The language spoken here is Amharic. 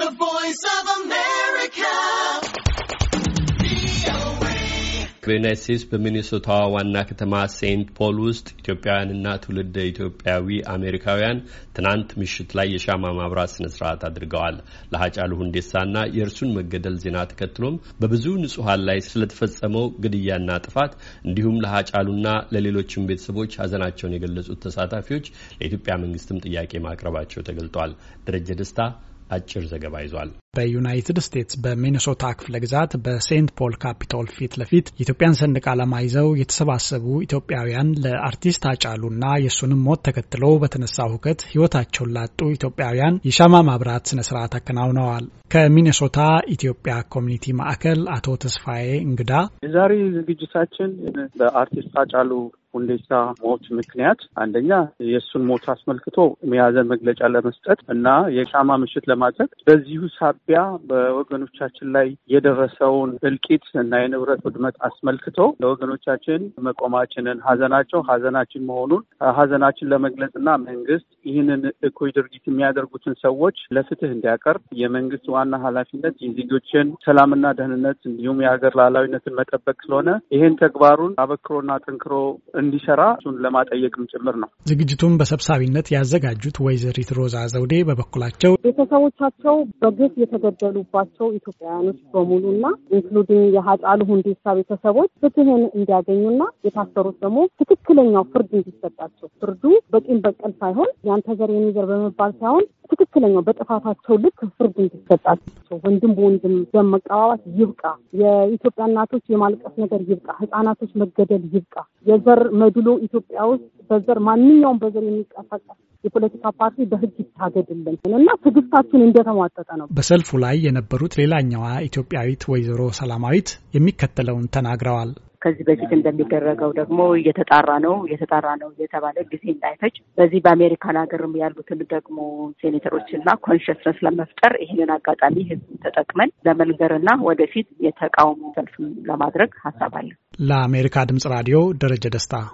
The Voice of America. በዩናይት ስቴትስ በሚኒሶታዋ ዋና ከተማ ሴንት ፖል ውስጥ ኢትዮጵያውያንና ትውልደ ኢትዮጵያዊ አሜሪካውያን ትናንት ምሽት ላይ የሻማ ማብራት ስነ ስርዓት አድርገዋል። ለሀጫሉ ሁንዴሳና የእርሱን መገደል ዜና ተከትሎም በብዙ ንጹሐን ላይ ስለተፈጸመው ግድያና ጥፋት እንዲሁም ለሀጫሉና ለሌሎችም ቤተሰቦች ሀዘናቸውን የገለጹት ተሳታፊዎች ለኢትዮጵያ መንግስትም ጥያቄ ማቅረባቸው ተገልጧል። ደረጀ ደስታ አጭር ዘገባ ይዟል። በዩናይትድ ስቴትስ በሚኒሶታ ክፍለ ግዛት በሴንት ፖል ካፒቶል ፊት ለፊት የኢትዮጵያን ሰንደቅ ዓላማ ይዘው የተሰባሰቡ ኢትዮጵያውያን ለአርቲስት አጫሉና የእሱንም ሞት ተከትሎ በተነሳ ሁከት ሕይወታቸውን ላጡ ኢትዮጵያውያን የሻማ ማብራት ስነ ስርዓት አከናውነዋል። ከሚኒሶታ ኢትዮጵያ ኮሚኒቲ ማዕከል አቶ ተስፋዬ እንግዳ የዛሬ ዝግጅታችን በአርቲስት አጫሉ ሁንዴሳ ሞት ምክንያት አንደኛ የእሱን ሞት አስመልክቶ የሀዘን መግለጫ ለመስጠት እና የሻማ ምሽት ለማድረግ በዚሁ ሳቢያ በወገኖቻችን ላይ የደረሰውን እልቂት እና የንብረት ውድመት አስመልክቶ ለወገኖቻችን መቆማችንን ሀዘናቸው ሀዘናችን መሆኑን ሀዘናችን ለመግለጽ እና መንግስት ይህንን እኩይ ድርጊት የሚያደርጉትን ሰዎች ለፍትህ እንዲያቀርብ የመንግስት ዋና ኃላፊነት የዜጎችን ሰላምና ደህንነት እንዲሁም የሀገር ላላዊነትን መጠበቅ ስለሆነ ይህን ተግባሩን አበክሮና ጠንክሮ እንዲሰራ እሱን ለማጠየቅም ጭምር ነው። ዝግጅቱን በሰብሳቢነት ያዘጋጁት ወይዘሪት ሮዛ ዘውዴ በበኩላቸው ቤተሰቦቻቸው በግፍ የተገደሉባቸው ኢትዮጵያውያኖች በሙሉና ኢንክሉዲንግ የሀጫሉ ሁንዴሳ ቤተሰቦች ፍትህን እንዲያገኙና የታሰሩት ደግሞ ትክክለኛው ፍርድ እንዲሰጣቸው ፍርዱ በቂም በቀል ሳይሆን ያንተ ዘር የኔ ዘር በመባል ሳይሆን ትክክለኛው በጥፋታቸው ልክ ፍርድ እንዲሰጣቸው ወንድም በወንድም ደም መቀባባት ይብቃ። የኢትዮጵያ እናቶች የማልቀስ ነገር ይብቃ። ህጻናቶች መገደል ይብቃ። የዘር መድሎ ኢትዮጵያ ውስጥ በዘር ማንኛውም በዘር የሚንቀሳቀስ የፖለቲካ ፓርቲ በህግ ይታገድልን እና ትዕግስታችን እንደተሟጠጠ ነው። በሰልፉ ላይ የነበሩት ሌላኛዋ ኢትዮጵያዊት ወይዘሮ ሰላማዊት የሚከተለውን ተናግረዋል። ከዚህ በፊት እንደሚደረገው ደግሞ እየተጣራ ነው እየተጣራ ነው እየተባለ ጊዜ እንዳይፈጅ በዚህ በአሜሪካን ሀገርም ያሉትን ደግሞ ሴኔተሮችና ኮንሽስነስ ለመፍጠር ይህንን አጋጣሚ ህዝብ ተጠቅመን ለመንገርና ወደፊት የተቃውሞ ሰልፍ ለማድረግ ሀሳብ አለ። ለአሜሪካ ድምጽ ራዲዮ ደረጀ ደስታ